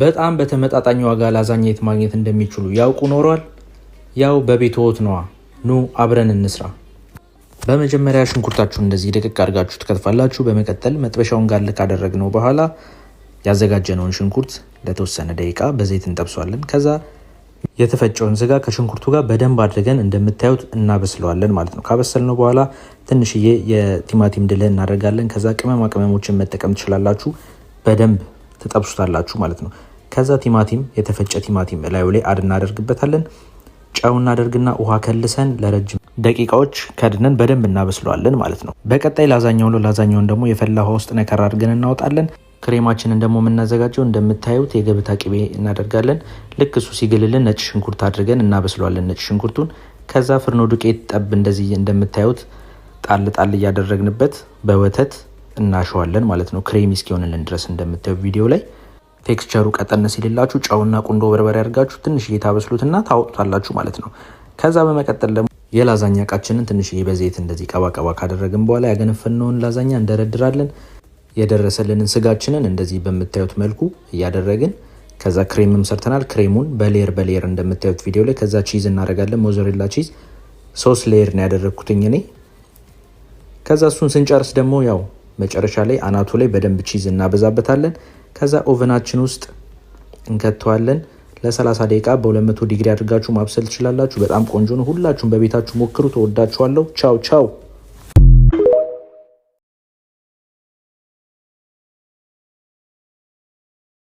በጣም በተመጣጣኝ ዋጋ ላዛኘት ማግኘት እንደሚችሉ ያውቁ ኖሯል? ያው በቤትዎት ነዋ። ኑ አብረን እንስራ። በመጀመሪያ ሽንኩርታችሁን እንደዚህ ደቅቅ አድርጋችሁ ትከትፋላችሁ። በመቀጠል መጥበሻውን ጋር ካደረግነው በኋላ ያዘጋጀነውን ሽንኩርት ለተወሰነ ደቂቃ በዘይት እንጠብሷለን። ከዛ የተፈጨውን ስጋ ከሽንኩርቱ ጋር በደንብ አድርገን እንደምታዩት እናበስለዋለን ማለት ነው። ካበሰልነው በኋላ ትንሽዬ የቲማቲም ድልህ እናደርጋለን። ከዛ ቅመማ ቅመሞችን መጠቀም ትችላላችሁ። በደንብ ትጠብሱታላችሁ ማለት ነው። ከዛ ቲማቲም የተፈጨ ቲማቲም እላዩ ላይ አድ እናደርግበታለን። ጨው እናደርግና ውሃ ከልሰን ለረጅም ደቂቃዎች ከድነን በደንብ እናበስለዋለን ማለት ነው። በቀጣይ ላዛኛው ነው። ላዛኛውን ደግሞ የፈላ ውሃ ውስጥ ነከር አድርገን እናወጣለን። ክሬማችንን ደግሞ የምናዘጋጀው እንደምታዩት የገብታ ቅቤ እናደርጋለን። ልክ እሱ ሲግልልን ነጭ ሽንኩርት አድርገን እናበስለዋለን ነጭ ሽንኩርቱን። ከዛ ፍርኖ ዱቄት ጠብ እንደዚህ እንደምታዩት ጣል ጣል እያደረግንበት በወተት እናሸዋለን ማለት ነው። ክሬሚ እስኪሆንልን ድረስ እንደምታዩ ቪዲዮ ላይ ቴክስቸሩ ቀጠን ሲልላችሁ ጨውና ቁንዶ በርበሬ አድርጋችሁ ትንሽ ታበስሉትና ታወጡታላችሁ ማለት ነው። ከዛ በመቀጠል ደግሞ የላዛኛ እቃችንን ትንሽዬ በዘይት እንደዚህ ቀባቀባ ካደረግን በኋላ ያገነፈነውን ላዛኛ እንደረድራለን። የደረሰልንን ስጋችንን እንደዚህ በምታዩት መልኩ እያደረግን ከዛ ክሬምም ሰርተናል። ክሬሙን በሌየር በሌየር እንደምታዩት ቪዲዮ ላይ ከዛ ቺዝ እናደርጋለን። ሞዘሬላ ቺዝ ሶስት ሌየር ነው ያደረግኩትኝ እኔ። ከዛ እሱን ስንጨርስ ደግሞ ያው መጨረሻ ላይ አናቱ ላይ በደንብ ቺዝ እናበዛበታለን። ከዛ ኦቨናችን ውስጥ እንከተዋለን ለ30 ደቂቃ በ200 ዲግሪ አድርጋችሁ ማብሰል ትችላላችሁ። በጣም ቆንጆ ነው። ሁላችሁም በቤታችሁ ሞክሩ። ተወዳችኋለሁ። ቻው ቻው።